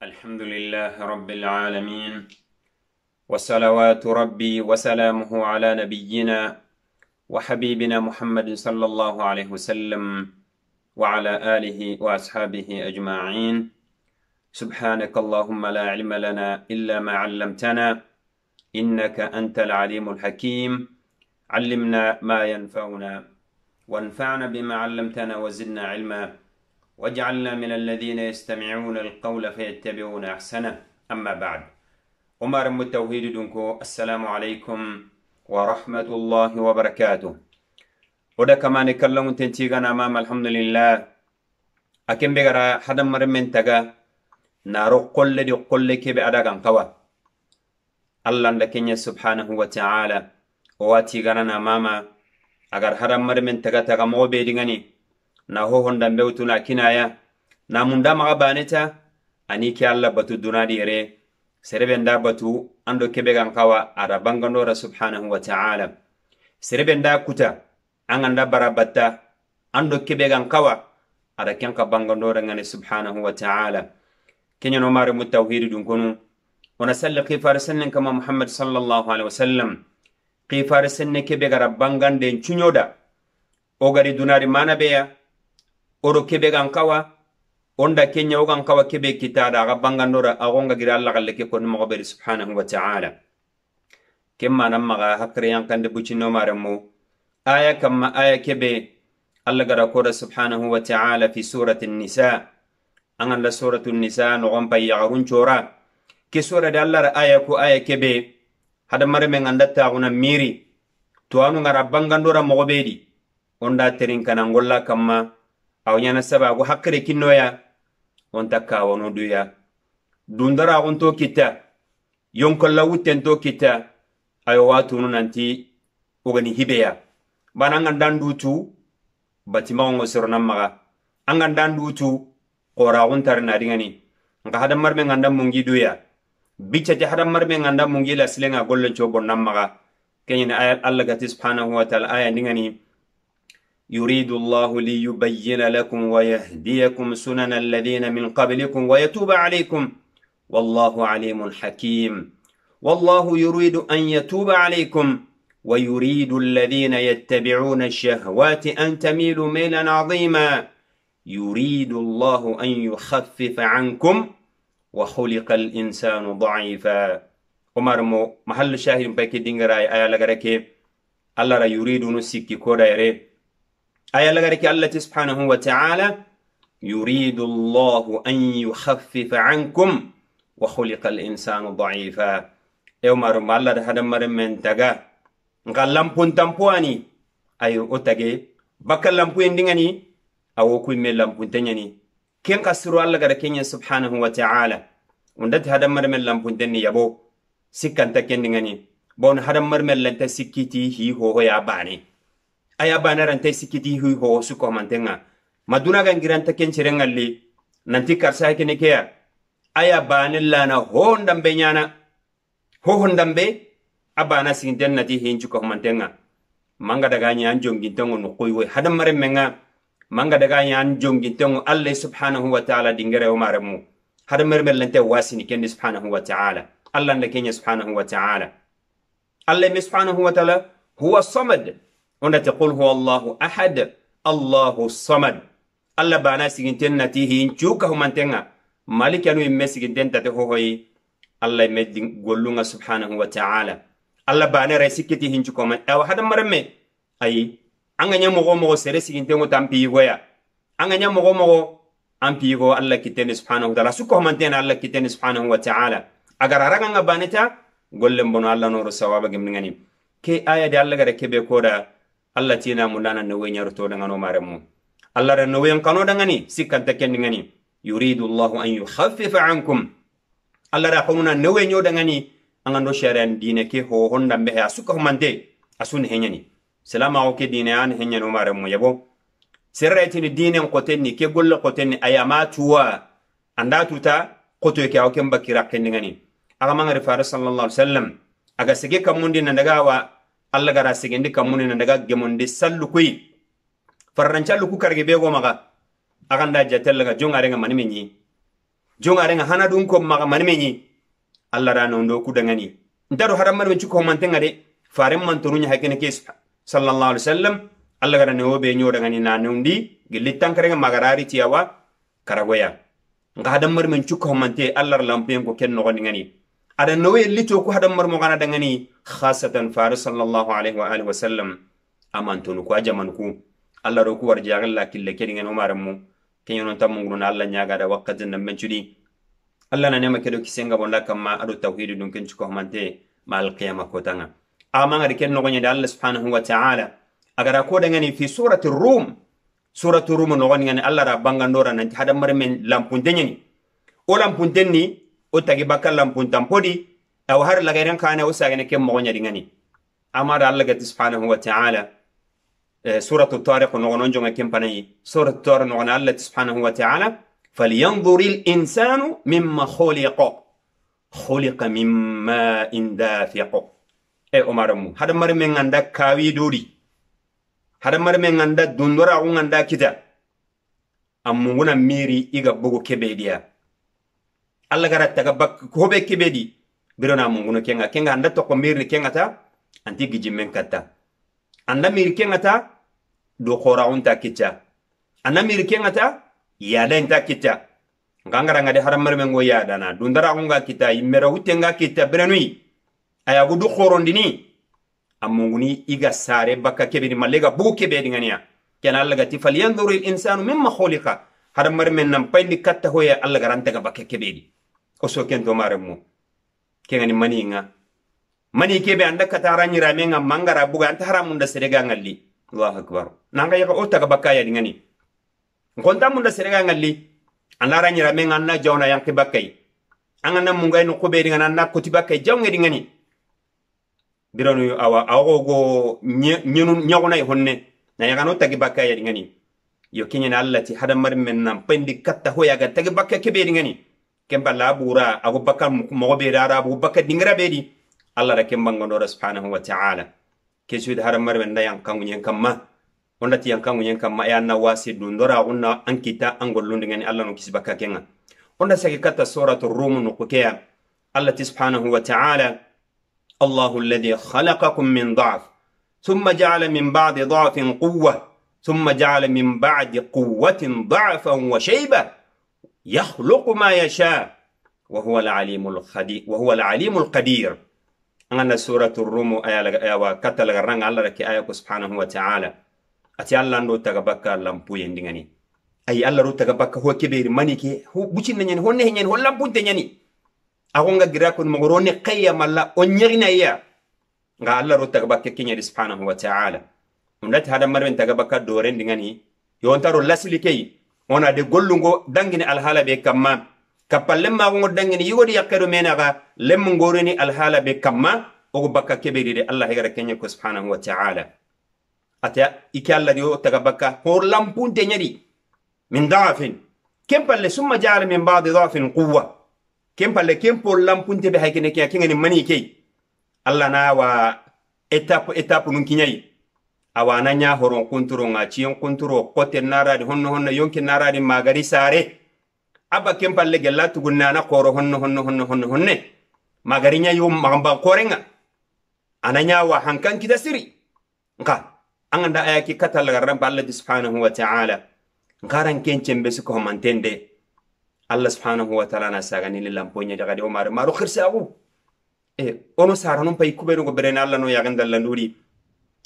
الحمد لله رب العالمين وصلوات ربي وسلامه على نبينا وحبيبنا محمد صلى الله عليه وسلم وعلى آله وأصحابه أجمعين سبحانك اللهم لا علم لنا إلا ما علمتنا إنك أنت العليم الحكيم علمنا ما ينفعنا وانفعنا بما علمتنا وزدنا علما واجعلنا من الذين يستمعون القول فيتبعون أحسنه أما بعد أمار التوحيد دونكو السلام عليكم ورحمة الله وبركاته وده كمان نكلم تنتيغنا أمام الحمد لله أكن بغرا حدا مر من تغا نارو قل دي قل كي بأدغان قوى الله لكن سبحانه وتعالى واتي غرنا ماما أغر حرام مر من تغا تغا مو بيدغني na hohon hondan bewtuna kinaya na munda maga baneta ani ke alla batu dunadi ere sereben daa batu ando kebe gan kawa ada bangandora subhaanahu wa ta'ala sereben daa kuta an anda barabatta ando kebe gan kawa ada ken ka bangandora subhaanahu subhanahu wa ta'ala kenya no mare mutawhidi dun kunu ona salli qifar sannan kama muhammad sallallahu alaihi wasallam qifar sanne kebe gara banganden chunyoda ogari dunari manabeya oro kebe gan kawa onda kenya wo gan kawa kebe kitada aga bangandora agonga gira alla galle ke kono mogo beri subhanahu wa ta'ala kemma nan maga hakre yan kande buci no maramo aya kamma aya kebe alla gara kora subhanahu wa ta'ala fi surati an-nisa angan la suratu nisa no gon payagarun chora ke sura da alla aya ko aya kebe hada marame nganda taaguna miri tuwanu ngara bangandora mogo bedi onda terin kana ngolla kamma aw ñana sabagu hakkire kinnoya wonta kawano duya dundaragunto kitta yonkolla wuttento kita ayo watunu nanti wogani hibeya bana an gan dan dutu batimagongo soronan maga an gan dan dutu qoraguntari nadingani nka hadamarme ganda mungi duya biccati hadamarme ganda mungi lasilenga gollenco bonnan maga keñini allah gati subhanahu wa taala aya ni. يريد الله ليبين لكم ويهديكم سنن الذين من قبلكم ويتوب عليكم والله عليم حكيم والله يريد أن يتوب عليكم ويريد الذين يتبعون الشهوات أن تميلوا ميلا عظيما يريد الله أن يخفف عنكم وخلق الإنسان ضعيفا عمر مو محل شاهد بكي دينغراي آيالا آيالغركي الله يريد نسيكي كورا يريد aya lagareki allati subhanahu wa ta'ala yuridu llahu an yukhaffifa ankum wa khuliqa al-insanu da'ifa ewmarum allah da hadamaren men taga nka lampuntanpo ani ayo wo tage bakka lampuyendiŋani awo kuimme lampunteɲani ken ka siro allah gara kenɲe subhanahu wa ta'ala undati hadamaren lampunten ni yabo sikkanta kendiŋani bon hadamaren lanta sikkiti hi hohoya bane aya banaranta sikiti hui ho su ko mantenga maduna ga ta ken cirengalle nanti karsa kene keya aya la na ho ndambe nyana ho ho ndambe abana sinten nati hinju ko mantenga manga daga nya anjongi tongo no we hadam mare menga manga daga nya anjongi tongo allah subhanahu wa ta'ala dingere o maremu hadam mare melante wasini ken subhanahu wa ta'ala allah ndakenya subhanahu wa ta'ala allah subhanahu wa ta'ala huwa samad onate qul huwa allahu ahad allahu samad alla bana siginten nati hin cuka humantenga malikanu imme siginten tate hohoyi alla imme gollunga subhanahu wa ta'ala alla bana rai sikkiti hin cukoman awa hadan maramme ayi an ga ɲɛ mɔgɔ mɔgɔ sere sigintengo tan piigoya an ga ɲɛ mɔgɔ mɔgɔ an piigo alla kiteni subhanahu wa ta'ala su kohomantena alla kiteni subhanahu wa ta'ala agar haragan ga baneta gollen bono alla noro sawaba gemningani ke aya de alla gara kebe koda alla tina mulana no wenyaro to dangano maremu alla ran no wen kano dangani sikkan takken dangani yuridu allah an yukhaffifa ankum alla ra qonuna no wenyo dangani angando sharan dine ke ho honda be ha suka asun henyani salama o ke dine an henyano maremu yabo serretini dinen qotenni ke golle qotenni ayama tuwa anda tuta qoto ke awken bakira kendingani aga mangari faris sallallahu alaihi wasallam aga sege kamundi nandaga Allah gara segendi kamuni na daga gemonde sallu koy farrancallu ku karge bego go maga aganda jatella ga jong arenga manime nyi jong arenga hana dun maga manime nyi alla undo nondo ku dengani, ntaro haramman men ciko man manturunya hakin kis, sallallahu alaihi wasallam Allah gara ne be nyo dangani na nundi Gilitang karenga magarari tiawa, karagoya nga hadam men ciko man Allah rana lampien ken ngani ada noe lito ku hadam mo gana dangani khasatan faru sallallahu alaihi wa alihi wasallam sallam ko a jamanu ku alla ro ku warjaxen kille kediŋen wo maren mu keñononta munguruna alla ñagada wakkatin nan mencudi alla na nema kedo kisenga bonda kamma adu tawhidu dun kencu ko hamante ma alqiyama kotanga amaŋadi ken da Allah subhanahu wa ta'ala da ngani fi surati rum surati rum nogoniŋani Allah ra bangandora nanti hadamare men lampunteñeni o lampun denni o tagi bakal lampun tampodi أو هر لغيران كان وساقنا كم مغنى ديناني أمر الله قد سبحانه وتعالى آه، سورة الطارق نغن جنة كم بني سورة الطارق نغن الله سبحانه وتعالى فلينظر الإنسان مما خلق خلق مما إن دافق أي أمر مو هذا مر من عند كاوي دوري هذا مر من عند دندورا عن عندك كده أمونا ميري إيجا بوكو كبديا الله قرأت تكبك هو بكبيدي birona mungunu kenga kenga anda toko ni kenga ta anti gijimen katta anda mir kenga ta do khoraun unta kicha anda mir kenga ta yada inta kicha ngangara ngade haramar mengo yada na dundara ngunga kita imera hutenga kita biranui aya gudu khorondini amunguni iga sare baka kebeni malega bugu kebedi ngania kana alaga ti falyanzuru al-insanu mimma khuliqa haramar men nam payni katta hoya alaga rantaga bakka kebedi oso kento maremu kengani mani nga mani kebe anda katara rame nga mangara ga anta munda serega ngali allah akbar nanga yaka ota kabakaya dingani ngonta munda serega ngalli anara nyirame nga anna yang yanki bakai angana mungai no kobe dingana anna koti bakai jawnge dingani biranu awa go nyenu nyagona ya honne na yagano tagi bakaya dingani yo kinyana allati hadamar menna pendi katta ga tagi bakka kebe ya dingani kemba labura ago bakka mogo be rara ago bakka dingra bedi allah da kemba ngondora subhanahu wa ta'ala kesu da haram marbe nda yang kangu nyen kamma onda ti yang kangu nyen kamma ya na wasi dundora unna ankita angolunde ngani allah no kisi bakka kenga onda sake kata suratu rum no kokea allah ti subhanahu wa ta'ala Allah alladhi khalaqakum min ضعف ثم جعل من بعد ضعف قوة ثم جعل من بعد قوة ضعفا وشيبة يخلق ما يشاء وهو العليم القدير وهو العليم القدير أنا سورة الروم آية آية كتل غرنا الله لك آية سبحانه وتعالى أتي الله نو تجبك لم بوين دعني أي الله رو تجبك هو كبير ماني كي هو بوتين نين هو نه نين هو لامبو تنيني أغونغا غراكون مغرون قيا مالا أنيرنا يا غا الله رو تجبك كيني سبحانه وتعالى ونت هذا مرة تغبكا دورين دعني يوم ترى يونتارو لاسلكي on ade gollungo dangini alhaala be kamma kappa lemmagongo dangini yigodi yakkedo menaga lemmu ngorini alhaala be kamma ogo bakka keberide allah hegara kenya ko subhanahu wa ta'ala ata ike allah di o taga bakka hor lampunte nyadi min da'afin kem palle summa ja'ala min ba'di da'afin quwwa kem palle kem por lampunte be haykene kiya kengani mani kei allah na wa étape étape nun kinyai awana nya horon kunturo nga ciyon kunturo kote naradi honno honno yonki naradi magari sare abba ken palle gunna na koro honno honno honno honno honne magari nya yom magamba korenga ananya wa hankan kita siri nka anganda ayaki katal garan palle subhanahu wa ta'ala ngaran ken cembe su ko mantende allah subhanahu wa ta'ala na sagani ni lamponya daga de o maro maro khirsagu e eh, ono saranon pay kubeno go berena allah no yagandalla nduri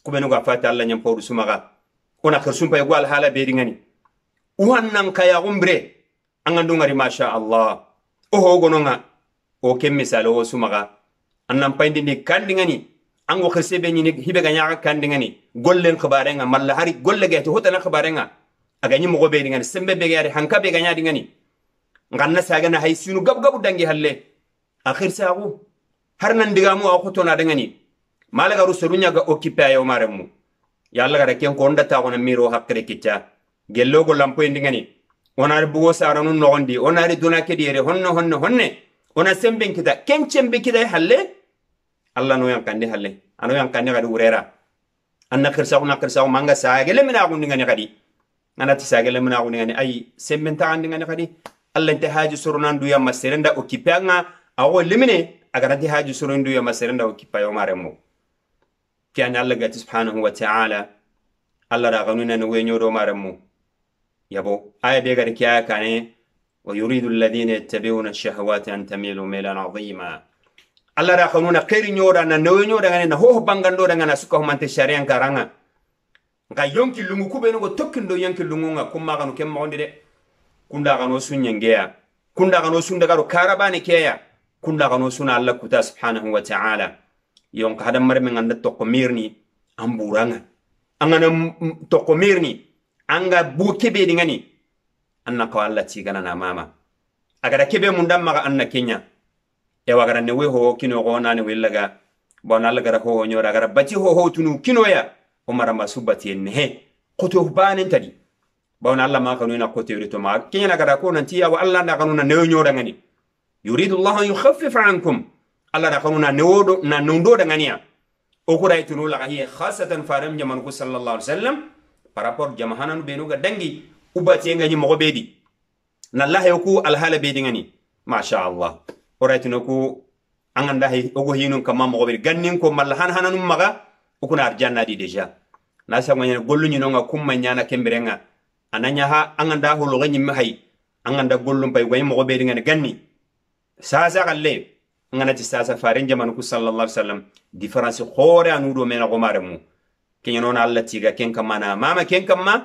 kubenu ga fata Allah nyam pawdu sumaga ona kersum pay gwal hala beri ngani wannan kaya umbre angandu ngari masha Allah oho gononga o kem misalo o sumaga Annam pa ni kandi ngani ango kerse be ni hibe ga nyaga kandi ngani gollen khabarenga malla hari golle ga to hotana khabarenga aga nyi mogo beri ngani sembe be gari hanka be ga nyadi ngani nganna saga na haysinu gab gabu dangi halle akhir sagu har nan digamu a khotona dangani malagaru seruñaga occupé ayo maremu yalla gara ken konda ta ona miro hakkere kicca gello go lampo indingani onari bugo saranu Ona onari duna kediyere honno honno honne ona semben kita ken cembe kita e halle allah no kande halle ano yang yankandi gadi urera. anna kirsaku na kirsaku manga sagele mina gundi ngani gadi tisa gele mina gundi ngani ay semben ta andi ngani gadi allah inte haji surunan duya maserenda nga awo limine agarati haji surundu ya maserenda okipayo maremo كان الله گت سبحانه وتعالى تعالی الله را غنونا نوی مارمو يبو آية بيقر كيا كاني ويريد الذين يتبعون الشهوات أن تميلوا ميلا عظيما الله را خنونا قير نورا نوي نورا غني نهوه بانغان دورا غنى سكوه من تشاريان كارانا غا يونكي لنغو كوبينو غو توكين دو يونكي لنغو كما غنو كم مغندي دي كندا غنو سن ينجيا كندا غنو سن دغارو كارباني كيا كندا غنو سن الله كتا سبحانه وتعالى yon ka hadam marme nganda toko mirni amburanga angana toko mirni anga bu kebe dingani anna ko alla ci gana na mama agara kebe mun dam maga anna kenya e wagara ne we ho kino go na ne willaga bon alla gara ho nyora agara bati ho ho tunu kino ya umara masubati ne he koto banen tadi bon alla ma kanu na koto yuri to ma kenya na gara ko nan tiya wa alla na kanu na ne nyora ngani yuridu allah an yukhaffif ankum Allah da kanu na newodo na nundo da ngania o kura itunu la hiya faram jaman ku sallallahu alaihi wasallam par rapport jamahanan benu ga dangi ubati ngani mo bedi na la ku alhala bedi ngani masha allah ora itunu ku anganda ogo hinun kama mo bedi gannin ko hana nu maga ukuna arjanna di deja na sa ngani gollu nyino nga ma nyana kemberenga ananya ha anganda holo ganyi mahai anganda gollum bay way mo bedi ngani ganni sa kalle ci sasa faren jamanu ku sallallahu alaihi wasallam difference khore anu do mena mare mu kenya non Allah tiga ken mana mama ken ma?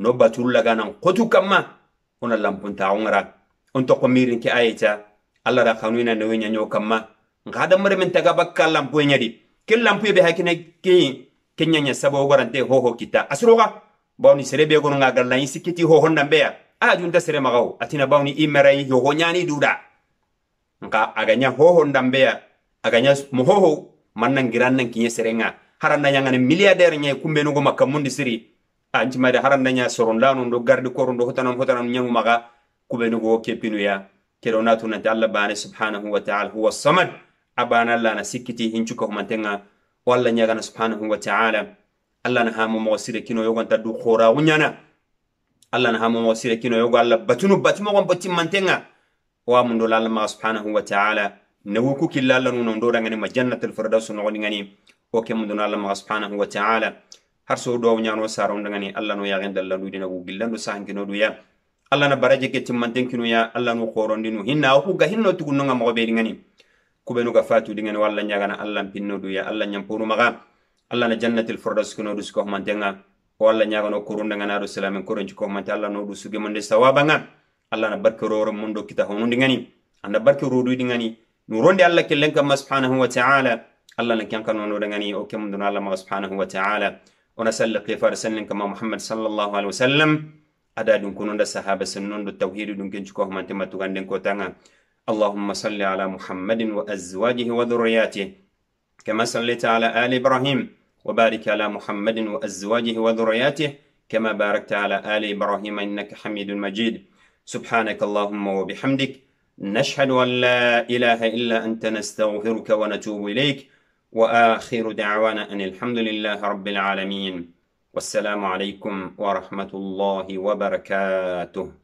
no la ganan qotu kamma ona lampun ta ongra on ko mirin ke ayita alla da kanuna ne wenya nyo ma ngada mare men taga bakka lampu e nyadi ken lampu e be hakine ki kenya nya sabo warante ho ho kita asroga bawni serebe gono ngagal la isikiti ho honda mbeya a junta sere magaw atina bawni imerai ho honyani duda nka aganya hoho ndambea aganya mohoho ngiran nan kinye serenga haranna nyanga yangane milliardaire nyay kumbe no goma kamundi siri anci ah, mari haranna nya sorondano ndo gardi koru ndo hotanan hotanan nyamu maga no go kepinu ya kero natu nanti allah bane subhanahu wa ta'ala huwa samad abana allah na sikiti hinchu ko mantenga walla nyaga na subhanahu wa ta'ala allah na hamu mawasire kino yogonta du khora wunyana allah na hamu mawasire kino yogo allah batunu batimo gon botti mantenga wa mun do lalla ma subhanahu wa ta'ala na wuku killalla nu non do dangani ma firdaus no ngani o ke mun do lalla ma subhanahu wa ta'ala har so do nyano saro dangani alla no yagen dalla ya du dina gugilla do sankino du ya alla na baraje ke timmanten kino ya alla no qorondi nu hinna o ku ga hinno tugunno ngam go be dingani kubenu ga fatu dingani walla nyagana alla pinno du ya alla nyamporu maga alla na jannatul firdaus kino du sko mantenga walla nyagano kurunda na do salamen koronji ko mante alla no du sugi sawabanga alla na barke roro mundo kita hono dingani anda barke rodo dingani nu ronde alla kellen kam subhanahu wa ta'ala alla na kyan kanono dingani o kam dun alla ma subhanahu wa ta'ala ona salla qifar sallan kama muhammad sallallahu alaihi wasallam ada dun kununda sahaba sunnon do tauhid dun ken ko man tema tuganden ko tanga اللهم صل على محمد وازواجه وذرياته كما صليت على ال ابراهيم وبارك على محمد وازواجه وذرياته كما باركت على ال ابراهيم انك حميد مجيد سبحانك اللهم وبحمدك نشهد أن لا إله إلا أنت نستغفرك ونتوب إليك وآخر دعوانا أن الحمد لله رب العالمين والسلام عليكم ورحمة الله وبركاته